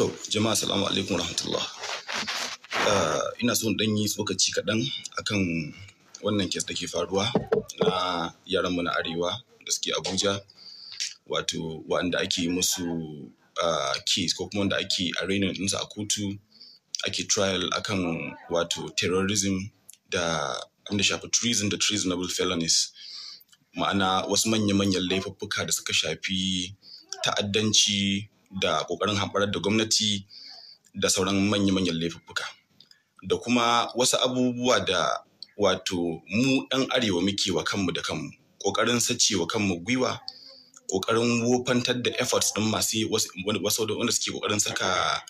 To, jama'a salamu alaikum rahmatullah. Eh, ina son dan yi tsokaci kaɗan akan wannan kes da ke faruwa na yaran mu na arewa da suke Abuja, wato wanda ake musu kes eh, ko kuma wanda ake arraigning ɗinsu a kotu ake trial akan wato terrorism da da shafi treason da treasonable felonies ma'ana wasu manya-manyan laifuffuka da suka shafi ta'addanci da ƙoƙarin hamɓarar da gwamnati da sauran manya-manyan laifuka. da kuma wasu abubuwa da wato mu ɗan arewa muke wa kanmu da kanmu ƙoƙarin wa kanmu gwiwa ƙoƙarin wofantar da efforts ɗin masu wasu wanda suke ƙoƙarin saka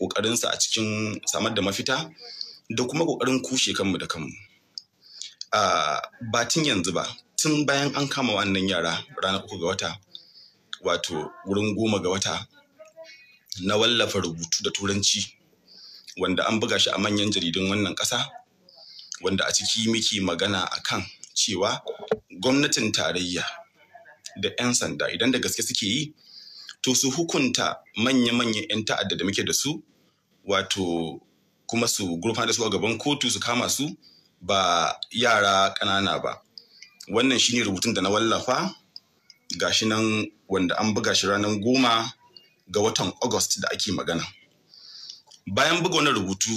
ƙoƙarinsa a cikin samar da mafita da kuma ƙoƙarin kushe kanmu da kanmu ba tun yanzu ba tun bayan an kama wannan yara ranar uku ga wata wato wurin goma ga wata na wallafa rubutu da turanci wanda an buga shi a manyan jaridun wannan ƙasa wanda a ciki muke magana a kan cewa gwamnatin tarayya da 'yan sanda idan da gaske suke yi to su hukunta manya-manyan 'yan ta'adda da muke da su wato kuma su gurfa da su a gaban kotu su kama su ba yara ƙanana ba wannan shine rubutun da na wallafa gashi nan wanda an buga shi ranar goma ga watan August da ake magana. Bayan buga wani rubutu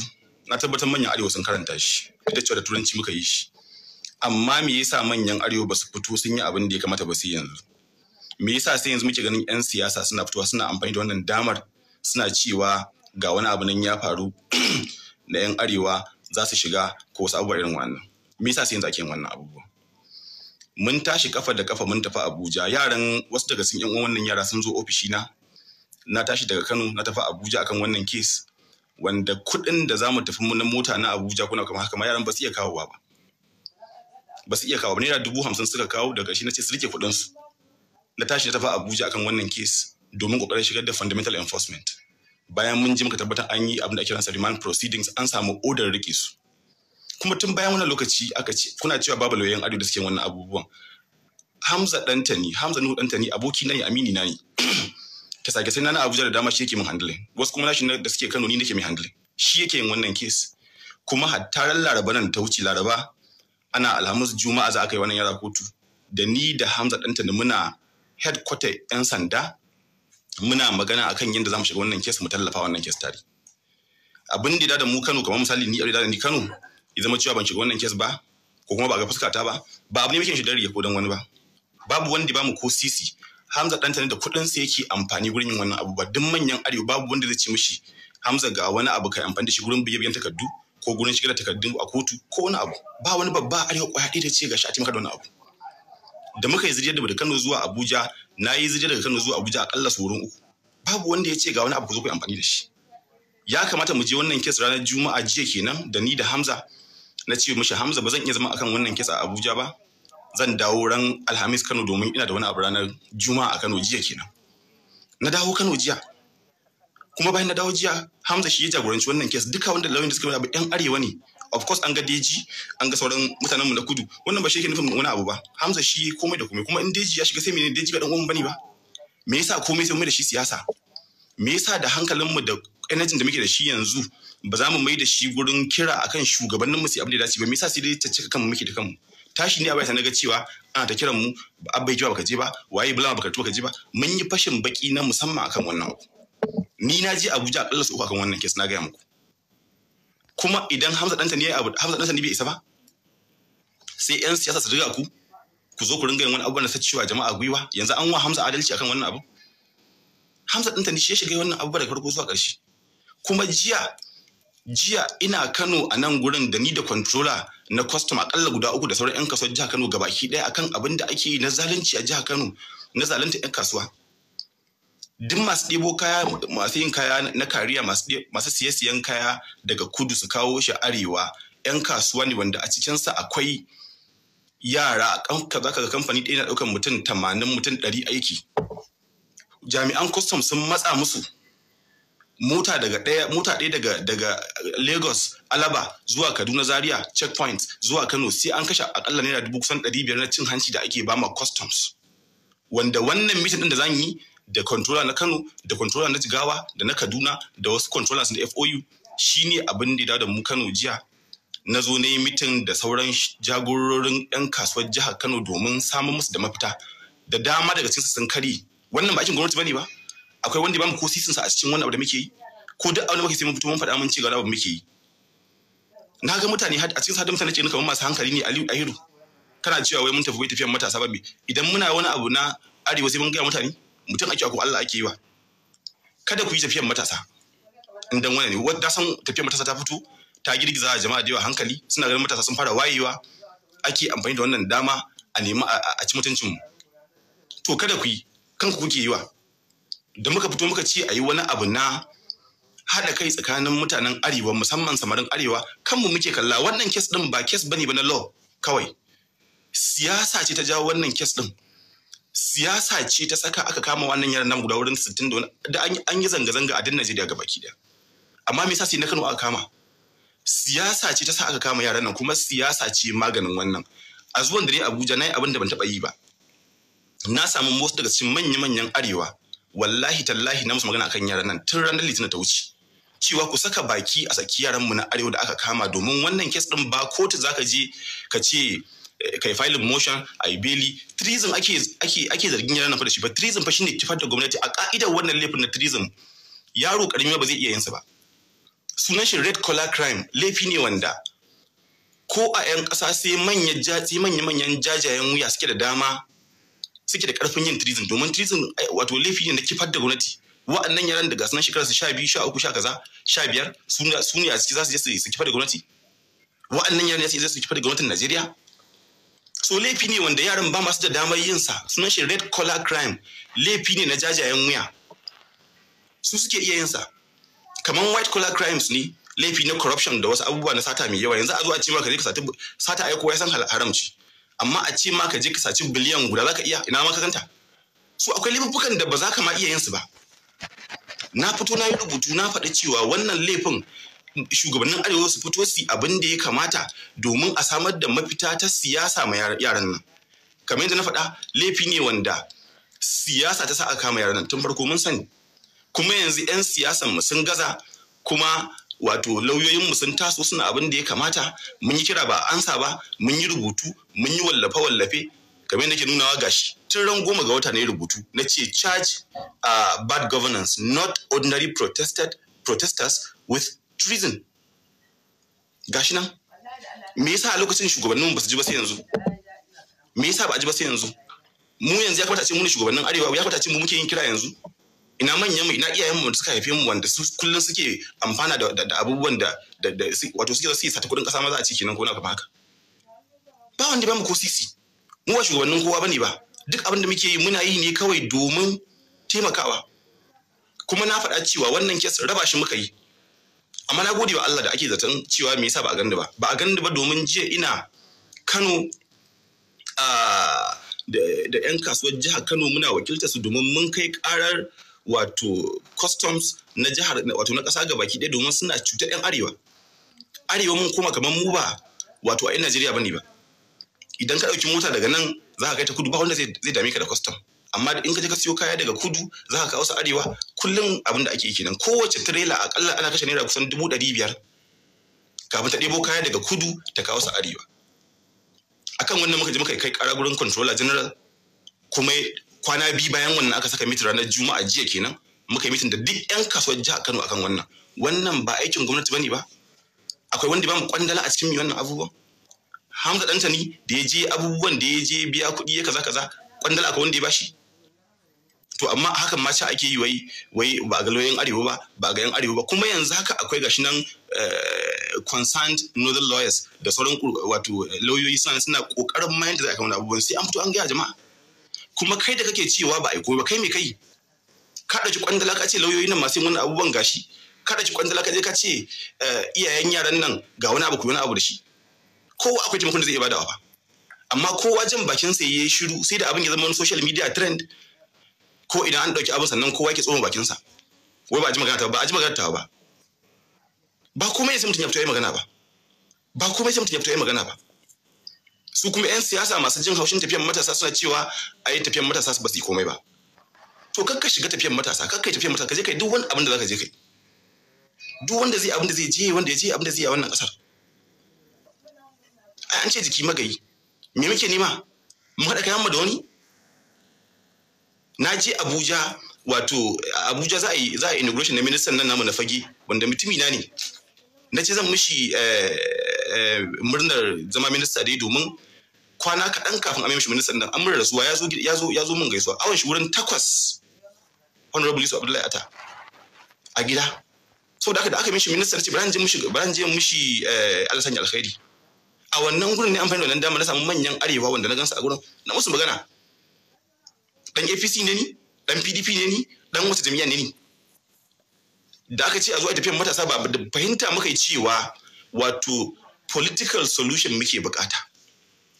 na tabbatar manyan arewa sun karanta shi ita cewa da turanci muka yi shi amma me yasa manyan arewa ba su fito sun yi abin da ya kamata ba sai yanzu me yasa sai yanzu muke ganin yan siyasa suna fitowa suna amfani da wannan damar suna cewa ga wani abu nan ya faru na yan arewa za su shiga ko wasu abubuwa irin wannan me yasa sai yanzu ake yin wannan abubuwa mun tashi kafa da kafa mun tafi Abuja yaran wasu daga sun yan wannan yara sun zo ofishina? na tashi daga Kano na tafi Abuja akan wannan case wanda kuɗin da za mu tafi na mota na Abuja kuna kamar haka ma yaran ba su iya kawowa ba. Ba su iya kawo ba naira dubu hamsin suka kawo daga shi na ce su rike kuɗinsu. su. Na tashi na tafi Abuja akan wannan case domin kokarin shigar da fundamental enforcement. Bayan mun ji muka tabbatar an yi abin da ake ransa remand proceedings an samu odar rike su. Kuma tun bayan wannan lokaci aka ce kuna cewa babu lauyan ado da suke wannan abubuwan. Hamza ɗanta ne, Hamza Nuhu ɗanta ne, aboki na ne, amini na ne. ta sake sai na Abuja da dama shi yake min handling wasu kuma nashi da suke Kano ni nake mai handling shi yake yin wannan case kuma hatta Laraba nan ta wuce Laraba ana Alhamis Juma'a za aka yi wannan yara kotu da ni da Hamza danta da muna headquarter 'yan sanda muna magana akan yadda za mu shiga wannan case mu tallafa wannan case tare abin da da mu Kano kamar misali ni da ni Kano ya zama cewa ban shiga wannan case ba ko kuma ba ga fuskata ba ba abu ne muke shi dare ko dan wani ba babu wanda ba mu ko sisi Hamza ɗanta ne da kuɗin sa yake amfani gurin yin wannan abu ba duk manyan arewa babu wanda zai ce mishi Hamza ga wani abu kai amfani da shi gurin biyan takardu ko gurin shigar da takardun a kotu ko wani abu ba wani babba arewa ko haɗe da ce ga shi a taimaka da wani abu da muka yi zijiyar daga Kano zuwa Abuja na yi zijiyar daga Kano zuwa Abuja a ƙalla wurin uku babu wanda ya ce ga wani abu ku zo ku amfani da shi ya kamata mu je wannan kes ranar Juma'a jiya kenan da ni da Hamza na ce mishi Hamza ba zan iya zama akan wannan kes a Abuja ba zan dawo ran alhamis kano domin ina da wani abu ranar juma'a a kano jiya kenan na dawo kano jiya kuma bayan na dawo jiya hamza shi ya jagoranci wannan kes duka wanda lauyin da suka abu yan arewa ne of course an ga deji an ga sauran mutanen mu na kudu wannan ba shi yake nufin wani abu ba hamza shi komai da komai kuma in deji ya shiga sai menene deji ba dan uwan bane ba me yasa komai sai mu da shi siyasa me yasa da hankalin mu da energy da muke da shi yanzu ba za mu mai da shi gurin kira akan shugabannin mu su abin da dace ba me yasa sai dai caccaka kanmu muke da kanmu tashi ne a bayan na ga cewa ana ta kiran mu abba kiwa baka je ba waye bulama baka tuwa ka je ba mun yi fashin baki na musamman akan wannan abu ni na je Abuja akalla su uku akan wannan kes na gaya muku kuma idan Hamza danta ne abu Hamza dan ne bai isa ba sai yan siyasa su riga ku ku zo ku ringa yin wani abu na sacewa jama'a gwiwa yanzu an wa Hamza adalci akan wannan abu Hamza dan ne shi ya shiga wannan abu daga farko zuwa ƙarshe kuma jiya jiya ina Kano a nan gurin da ni da controller na kwastam akalla guda uku da sauran 'yan kasuwar jihar Kano gabaki ɗaya akan abin da ake yi na zalunci a jihar Kano na zalunta 'yan kasuwa. Duk masu ɗebo kaya masu yin kaya na kariya masu siye-siyen kaya daga kudu su kawo shi arewa 'yan kasuwa ne wanda a cikinsa akwai yara a za ka ga kamfani ɗaya na ɗaukar mutum tamanin mutum ɗari aiki. Jami'an kwastam sun matsa musu mota daga ɗaya mota ɗaya daga daga Lagos Alaba zuwa Kaduna Zaria checkpoint zuwa Kano sai an kashe akalla naira dubu kusan ɗari biyar na cin hanci da ake bama customs wanda wannan mitin ɗin da zan yi da controller na Kano da controller na Jigawa da na Kaduna da wasu controllers na FOU shine abin da da mu Kano jiya na zo na yi mitin da sauran jagororin 'yan kasuwar jihar Kano domin samun musu da mafita da dama daga cikinsu sun kari wannan ba aikin gwamnati bane ba akwai wanda ba mu ko sisin sa a cikin wannan abu da muke yi ko duk abin da muke sai mun fito mun faɗa mun ci gaba abu muke yi na ga mutane a cikin sadin mutane ce kamar masu hankali ne Aliyu Ahiru kana cewa wai mun tafi wai tafiyan matasa ba idan muna wani abu na arewa sai mun ga mutane mutum ake ko Allah ake yi wa kada ku yi tafiyan matasa Idan wani ne wanda san tafiyan matasa ta fito ta girgiza jama'a da yawa hankali suna ganin matasa sun fara wayewa ake amfani da wannan dama a nemi a ci mutuncin mu to kada ku yi kanku kuke yi wa da muka fito muka ce a yi wani abu na haɗa kai tsakanin mutanen arewa musamman samarin arewa kanmu muke kalla wannan kes ɗin ba kes bane ba na law kawai siyasa ce ta jawo wannan kes ɗin siyasa ce ta saka aka kama wannan yaran nan guda wurin 60 da an yi zanga-zanga a din Najeriya gaba baki da. amma me yasa sai na Kano aka kama siyasa ce ta sa aka kama yaran nan kuma siyasa ce maganin wannan a zuwan da ne Abuja nayi abin da ban taba yi ba na samu wasu daga cikin manya-manyan arewa wallahi tallahi na musu magana akan yaran nan tun ranar litinin ta wuce cewa ku saka baki a saki yaran mu na arewa da aka kama domin wannan kes din ba kotu zaka je ka ce eh, kai filin motion a yi beli treason ake zargin yaran nan fa da shi ba treason fa shine kifar da gwamnati a ka'idar wannan laifin na treason yaro karami ba zai iya yin sa ba sunan shi red collar crime laifi ne wanda ko a 'yan ƙasa sai manyan jajayen wuya suke da dama suke da karfin yin treason domin treason wato laifi ne na kifar da gwamnati wa'annan yaran da gasunan nan shekarar su sha biyu sha uku sha kaza sha biyar su ne a ciki za su je su kifar da gwamnati wa'annan yaran ne su kifar da gwamnatin Najeriya so laifi ne wanda yaran ba masu da damar yin sa sunan shi red collar crime laifi ne na jajayen wuya su suke iya yin sa kamar white collar crimes ne laifi na corruption da wasu abubuwa na sata mai yawa yanzu a zo a ka je ka sata aiko ya san haramci amma a ce ma ka je ka saci biliyan guda za ka iya ina ma ka ganta su akwai laifukan da ba za ka ma iya yin su ba na fito na yi rubutu na faɗi cewa wannan laifin shugabannin arewa su fito su abin da ya kamata domin a samar da mafita ta siyasa ma yaran nan kamar yadda na faɗa laifi ne wanda siyasa ta sa aka kama yaran nan tun farko mun sani kuma yanzu 'yan siyasan mu sun gaza kuma wato lauyoyin mu sun taso suna abin da ya kamata mun yi kira ba ansa ba mun yi rubutu mun yi wallafe-wallafe kamar nuna nunawa gashi tun ran goma ga wata yi rubutu na ce charge uh, bad governance not ordinary protested, protesters with treason gashi nan me yasa a lokacin shugabannin ba su ji ba sai yanzu me yasa ba a ji ba sai yanzu mu yanzu ya kamata ce mu ne shugabannin arewa ya kamata ce mu muke yin kira yanzu ina manyan mu ina iyayen mu suka haife mu wanda su kullun suke amfana da abubuwan da wato suke su yi sata kudin kasa ma za a ci kenan ko na haka ba wanda ba mu ko sisi mu ba shugabannin kowa bane ba duk abin da muke yi muna yi ne kawai domin taimakawa kuma na faɗa cewa wannan kes raba shi muka yi amma na gode wa Allah da ake zaton cewa me yasa ba a gani ba ba a gani ba domin jiya ina Kano da 'yan kasuwar jihar Kano muna wakilta su domin mun kai karar wato customs na jihar wato na kasa gabaki ɗaya domin suna cutar 'yan arewa arewa mun koma kamar mu ba wato a 'yan Najeriya bane ba idan ka ɗauki mota daga nan za ka kai ta kudu ba wanda zai dame ka da kwastam amma in ka je ka siyo kaya daga kudu za ka kawo su arewa kullum abin da ake yi kenan kowace tirela akalla ana kashe naira kusan dubu ɗari biyar kafin ta ɗebo kaya daga kudu ta kawo su arewa akan wannan muka je muka kai ƙara gurin controller general kuma kwana biyu bayan wannan aka saka mitin ranar juma'a jiya kenan muka yi mitin da duk 'yan kasuwar jihar kano akan wannan wannan ba aikin gwamnati bane ba akwai wanda ba mu kwandala a cikin wannan abubuwan Hamza ɗanta ni da ya je abubuwan da ya je biya kuɗi ya kaza kaza kwandala ka wanda ya bashi to amma hakan ma sha ake yi wai wai ba ga lauyan arewa ba ba ga yan arewa ba kuma yanzu haka akwai gashi nan eh, concerned northern lawyers da sauran wato lauyoyi suna suna kokarin mayar da zakamun abubuwan sai an fito an gaya jama'a kuma kai da kake cewa ba aiko ba kai me kai ka ɗauki kwandala ka ce lauyoyi nan masu yin wani abubuwan gashi ka ɗauki kwandala ka je ka ce eh, iyayen yaran nan ga wani abu ku wani abu da shi kowa akwai taimakon da zai iya badawa ba amma kowa jan bakin sa yayi shiru sai da abin ya zama wani social media trend ko idan an dauki abin sannan kowa yake tsoma bakin sa wai ba a ji magana ta ba a ji magana ta ba ba komai sai mutum ya fito yayi magana ba ba komai sai mutum ya fito yayi magana ba su kuma 'yan siyasa masu jin haushin tafiyan matasa suna cewa a yi tafiyan matasa ba su yi komai ba to kakka shiga tafiyan matasa kakka yi tafiyan matasa ka je kai duk wani abin da za ka je kai duk wanda zai abin da zai je wanda ya je abin da zai yi a wannan kasar an ce jiki magayi me muke nema mu haɗa kai mu da wani na je abuja wato abuja za a yi za a inauguration na ministan nan namu na fage wanda mutumi na ne na ce zan mishi eh, eh, murnar zama minista dai domin kwana kaɗan kafin a mishi ministan nan an murar zuwa ya zo ya zo gaisuwa awon shi wurin takwas honorable yusuf abdullahi ata a gida da aka da aka mishi ministan ce ba ran je mishi ba ran je mishi eh, alasan alkhairi a wannan gurin ne an fahimta wannan dama na samu manyan arewa wanda na gansu a gurin na musu magana dan APC ne ni dan PDP ne ni dan wata jami'a ne ni da aka ce a zo a tafiyan matasa ba da fahimta muka yi cewa wato political solution muke bukata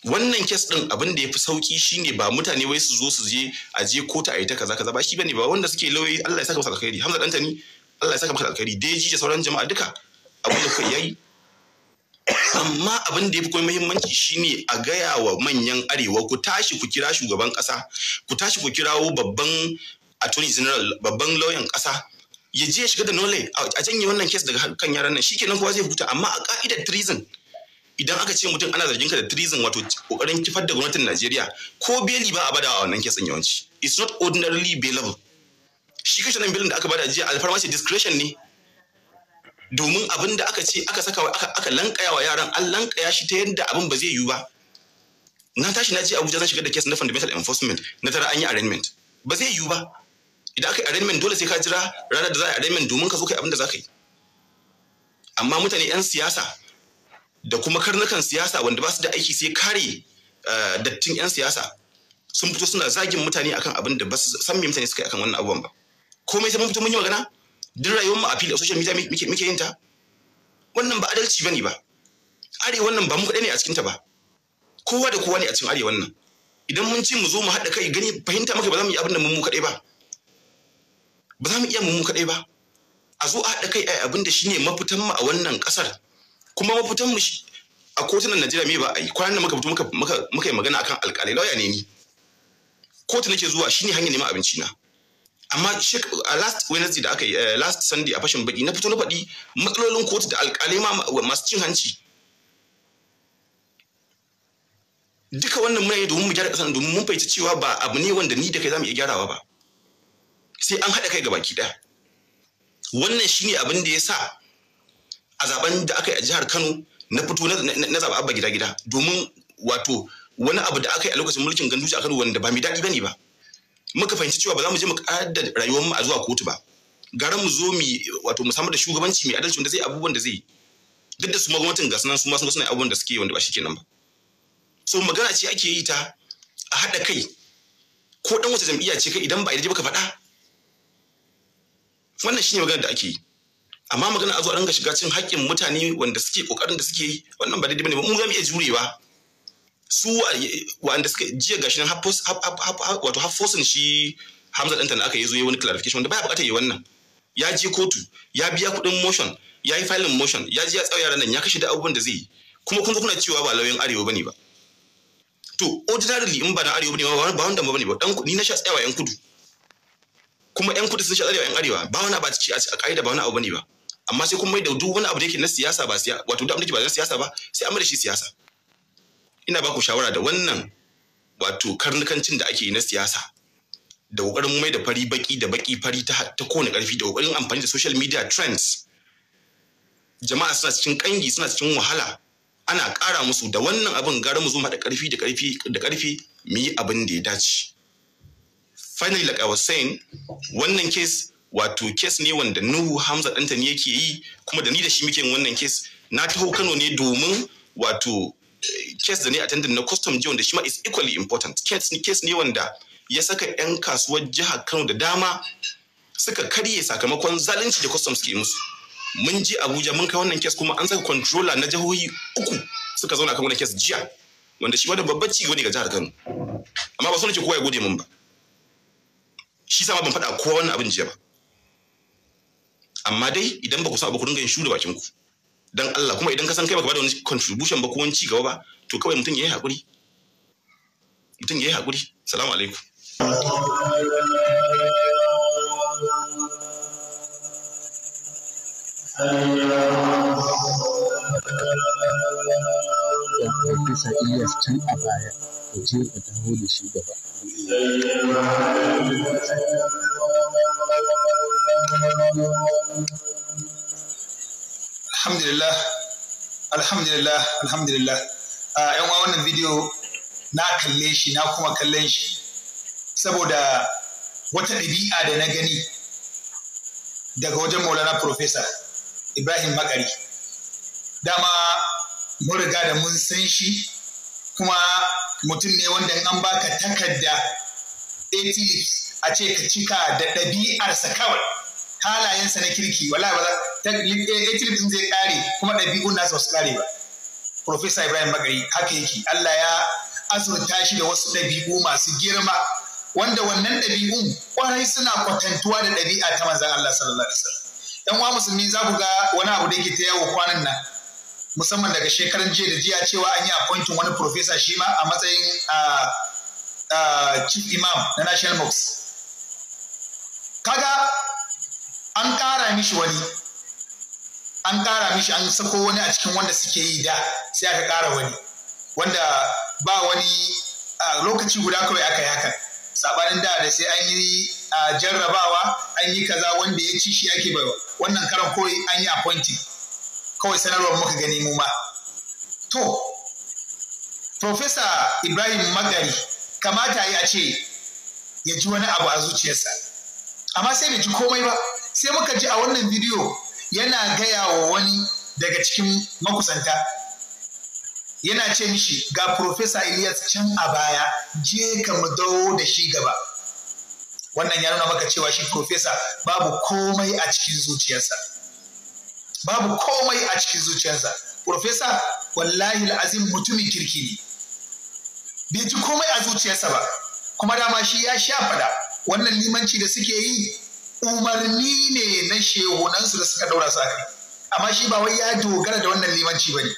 wannan kes din abin da ya fi sauki shine ba mutane wai su zo su je a je kota a yi ta kaza kaza ba shi bane ba wanda suke lauyoyi Allah ya saka masa alkhairi Hamza Dantani Allah ya saka maka alkhairi Deji da sauran jama'a duka abin da kai yayi amma abin da ya fi kuma muhimmanci shine a gaya wa manyan arewa ku tashi ku kira shugaban kasa ku tashi ku kirawo babban attorney general babban lauyan kasa ya je shiga da nole a janye wannan kes daga kan yaran nan shikenan kowa zai huta amma a ka'idar treason idan aka ce mutum ana zargin ka da treason wato kokarin kifar da gwamnatin Najeriya ko beli ba a bada a wannan case yawanci it's not ordinarily bailable shi kashe nan bilin da aka bada jiya alfarma ce discretion ne domin abin da aka ce aka saka aka aka lankaya wa yaran an lankaya shi ta yadda abin ba zai yiwu ba na tashi na ce Abuja zan shiga da case na fundamental enforcement na tara an yi arraignment ba zai yiwu ba idan aka yi arraignment dole sai ka jira ranar da za a yi arraignment domin ka zo kai abin da za ka yi amma mutane 'yan siyasa da kuma karnukan siyasa wanda ba su da aiki sai kare eh, dattin 'yan siyasa sun fito suna zagin mutane akan abin da ba su san me mutane suka yi akan wannan abubuwan ba komai sai mun fito mun yi magana duk rayuwar mu a fili a social media muke muke yin ta wannan ba adalci bane ba arewa nan ba mu kaɗai ne a cikin ta ba kowa da kowa ne a cikin arewa nan idan mun ce mu zo mu haɗa kai gani fahimta maka ba za mu yi abin da mu kaɗai ba ba za mu iya mu kaɗai ba a zo a haɗa kai a abin da shine mafitan mu a wannan ƙasar kuma mafitan mu a kotunan Najeriya me ba a yi kwanan muka fito muka muka yi magana akan alƙalai lauya ne ni kotu nake zuwa shine hanyar neman abinci na amma shek a uh, last wednesday da aka yi uh, last sunday a fashin baki na fito na faɗi matsalolin kotu da alƙalai masu cin hanci duka wannan muna yi domin mu gyara ƙasar domin mun fahimci cewa ba abu ne wanda ni da kai zamu iya gyarawa ba sai an haɗa kai gabaki ɗaya wannan shine abin da ya sa a zaben da aka yi a jihar Kano na fito na zaɓa abba gida gida domin wato wani abu da aka yi a lokacin mulkin Ganduje a Kano wanda ba mai daɗi bane ba. muka fahimci cewa ba za mu je mu kaddar rayuwar mu a zuwa kotu ba garin mu zo mu wato mu samar da shugabanci mai adalci wanda zai abubuwan da zai duk da su gwamnatin ga sunan su ma suna abubuwan da suke wanda ba shi nan ba so magana ce ake yi ta a haɗa kai ko dan wata jam'iyya ce kai idan ba a yi ka faɗa wannan shine magana da ake yi amma magana a zo a dinga shiga cin haƙƙin mutane wanda suke ƙoƙarin da suke yi wannan ba daidai bane ba mu za mu iya jurewa su wanda suka jiya gashi nan wato hafosin shi Hamza ɗanta da aka yi zuwa wani clarification wanda baya buƙatar yi wannan ya je kotu ya biya kuɗin motion ya yi filing motion ya je ya tsaya yaran nan ya kashe da abubuwan da zai yi kuma kun kuna cewa ba lauyan arewa bane ba to ordinarily in ba na arewa bane ba ba wanda ba bane ba dan ni na sha tsayawa yan kudu kuma yan kudu sun sha tsayawa yan arewa ba wani ba ci a kaida ba wani abu bane ba amma sai kun mai da duk wani abu da yake na siyasa ba siyasa wato da abin da yake ba na siyasa ba sai an mai da shi siyasa ina ba ku shawara da wannan wato karnukancin da ake yi na siyasa da ƙoƙarin mai da fari baki da baki fari ta kowane ƙarfi da ƙoƙarin amfani da social media trends jama'a suna cikin ƙangi suna cikin wahala ana ƙara musu da wannan abin gara mu zo da ƙarfi da ƙarfi da ƙarfi mu yi abin da ya dace finally like I was saying wannan case wato case ne wanda Nuhu Hamza ne yake yi kuma da ni da shi muke wannan case na taho Kano ne domin wato case da ne a na custom ji wanda shi ma is equally important case ne wanda ya saka 'yan kasuwar jihar Kano da dama suka karye sakamakon zalunci da custom ke musu mun ji Abuja mun kai wannan case kuma an saka controller na jihohi uku suka zauna kan wannan case jiya wanda shi wadda babbar ci ne ga jihar Kano amma ba so nake kowa ya gode mun ba shi sa ban faɗa kowa wannan abin jiya ba amma dai idan ba ku sa ba ku dinga yin shu da bakin ku dan Allah kuma idan ka san kai baka bada wani contribution ba ko wani ci gaba ba to kawai mutum yayi hakuri mutum yayi hakuri assalamu alaikum Thank you. alhamdulillah alhamdulillah alhamdulillah a ah, yan wannan bidiyo na kalle shi na kuma kallon shi saboda wata ɗabi'a da na gani daga wajen maulana profesa ibrahim makari dama mun riga da mun san shi kuma mutum ne wanda an baka takarda 80 a ce ka cika da ɗabi'arsa kawai halayensa na kirki wala ba za ta eh, eh, zai kare kuma ɗabi'un nasa su kare ba Profesa Ibrahim magari haka yake Allah ya azurta shi da wasu ɗabi'u masu girma wanda wannan ɗabi'un kwarai suna kwatantuwa da ɗabi'a ta manzan Allah sallallahu alaihi wasallam dan uwa musulmi za ku ga wani abu da yake ta yawo kwanan nan musamman daga shekaran jiya da jiya cewa an yi appointin wani profesa shi ma a matsayin chief imam na national mosque kaga an ƙara mishi wani an ƙara mishi an sako wani a cikin wanda suke yi da sai aka ƙara wani wanda ba wani a lokaci guda kawai aka yi hakan sabanin da da sai an yi jarrabawa an yi kaza wanda ya ci shi ake baiwa wannan karan kawai an yi appointing kawai sanarwar muka gani mu ma to Profesa Ibrahim Magari kamata ya ce ya ji wani abu a zuciyarsa amma sai bai ji komai ba sai muka ji a wannan bidiyo yana gaya wa wani daga cikin makusanta yana ce mishi ga Profesa Ilyas can a baya je ka mu dawo da shi gaba wannan ya nuna maka cewa shi Profesa babu komai a cikin zuciyarsa babu komai a cikin zuciyarsa Profesa wallahi azim mutumin kirki ne bai ji komai a zuciyarsa ba kuma dama shi ya sha fada wannan limanci da suke yi umarni ne na shehunansu da suka daura sa kai amma shi ba wai ya dogara da wannan limanci ba ne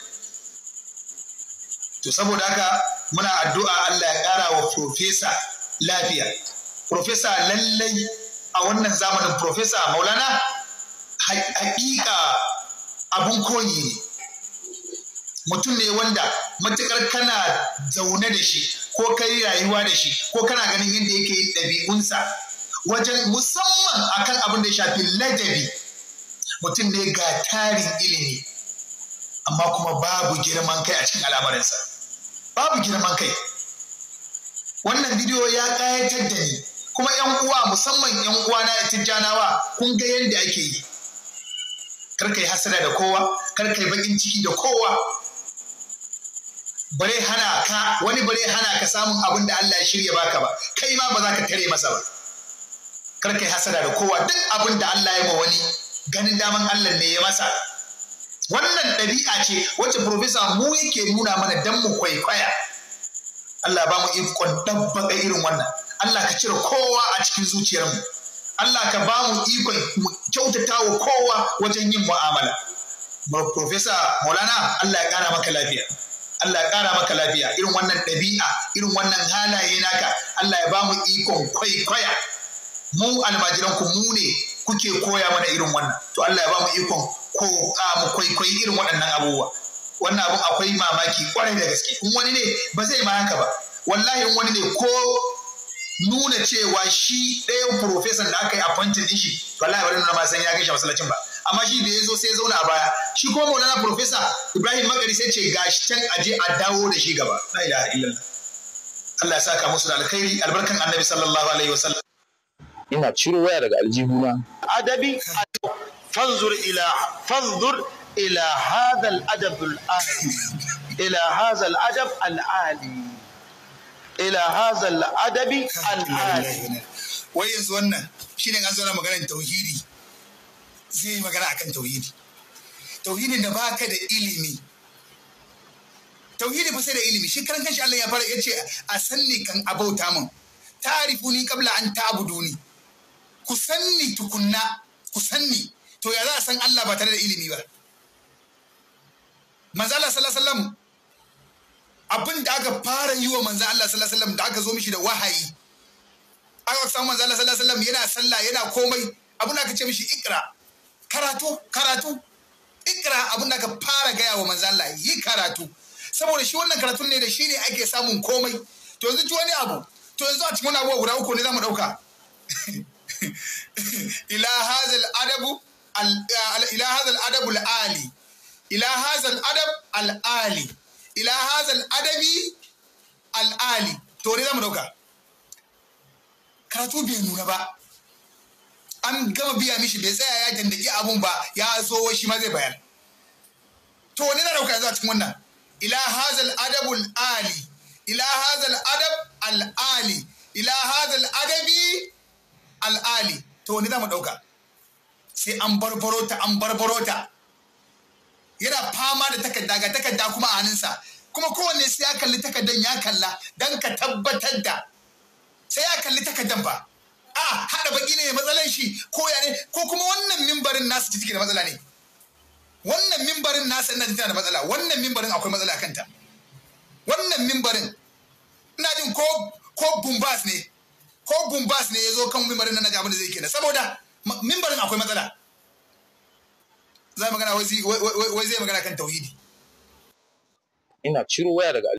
to saboda haka muna addu'a Allah ya kara wa profesa lafiya profesa lallai a wannan zamanin profesa maulana haƙiƙa abun koyi ne mutum ne wanda matuƙar kana zaune da shi ko kai rayuwa da shi ko kana ganin yadda yake ɗabi'unsa wajen musamman akan abin da ya shafi ladabi mutum ne ga tarin ilimi amma kuma babu girman kai a cikin al'amarinsa babu girman kai wannan bidiyo ya ƙayatar da ni kuma yan uwa musamman yan uwa na tijjanawa kun ga yadda ake yi karka yi hasada da kowa karka yi bakin ciki da kowa bare hana ka wani bare hana ka samun abin da Allah ya shirya baka ba kai ma ba za ka tare masa ba karka yi hasada da kowa duk abin da Allah ya wa wani ganin daman Allah ne ya masa wannan ɗabi'a ce wacce profesa mu yake nuna mana dan mu kwaikwaya Allah ba mu ikon dabbaka irin wannan Allah ka cire kowa a cikin zuciyarmu Allah ka ba mu ikon mu kyautata wa kowa wajen yin mu'amala Profesa Maulana Allah ya ƙara maka lafiya Allah ya ƙara maka lafiya irin wannan ɗabi'a irin wannan halaye naka Allah ya ba mu ikon kwaikwaya mu almajiran ku mu ne kuke koya mana irin wannan to Allah ya ba mu ikon ko a mu kwaikwayi irin waɗannan abubuwa wannan abun akwai mamaki kwarai da gaske in wani ne ba zai ma haka ba wallahi in wani ne ko nuna cewa shi ɗayan profesan da aka yi appointed din shi wallahi bari nuna ma san ya gaishe masallacin ba amma shi da ya zo sai zauna a baya shi ko maulana profesa ibrahim magari sai ce shi can je a dawo da shi gaba la ilaha illallah Allah ya saka musu da alkhairi albarkan annabi sallallahu alaihi wasallam ina ciro waya daga aljihuna adabi fanzur ila fanzur ila hadha al-adab al-ali ila hadha al-adab al-ali ila hadha al-adab al-ali wai yanzu wannan shine an zauna maganar tauhidi zai magana akan tauhidi Tauhidi da baka da ilimi tauhidi ba sai da ilimi shi karanta shi Allah ya fara yace a sanni kan abauta mun ta'rifuni qabla an ta'buduni ku sanni tukunna ku sanni to ya za a san Allah ba tare da ilimi ba manzo Allah sallallahu alaihi wasallam abin da aka fara yi wa manzo Allah sallallahu alaihi wasallam da aka zo mishi da wahayi aka samu manzo Allah sallallahu alaihi wasallam yana sallah yana komai abin da aka ce mishi ikra karatu karatu ikra abin da aka fara gaya wa manzo Allah yi karatu saboda shi wannan karatun ne da shi ne ake samun komai to yanzu ci wani abu to yanzu a cikin wani abuwa guda uku ne za mu ɗauka ila hazal adabu ila hazal adabu al'ali ila hazal adab al'ali ila hazal adabi al'ali to ne zamu dauka karatu bai nuna ba an gama biya mishi bai tsaya ya dandaki abun ba ya zo shi ma zai bayar to ne na dauka yanzu a cikin wannan ila hazal adabul ali ila hazal adab al'ali. ali ila hazal adabi al'ali ta wani za mu ɗauka sai an barbaro ta an barbaro ta yana fama da takarda ga takarda kuma a hannunsa kuma kowanne sai ya kalli takardan ya kalla don ka tabbatar da sai ya kalli takardan ba a haɗa baki ne matsalan shi ko ya ne ko kuma wannan mimbarin nasu ta cike da matsala ne wannan mimbarin nasu ina jin tana da matsala wannan mimbarin akwai matsala kanta wannan mimbarin ina jin ko ko bumbas ne ko bumbas ne ya zo kan mimbarin nan ga abin da zai kenan saboda mimbarin akwai matsala za magana wai zai magana kan tauhidi ina ciro waya daga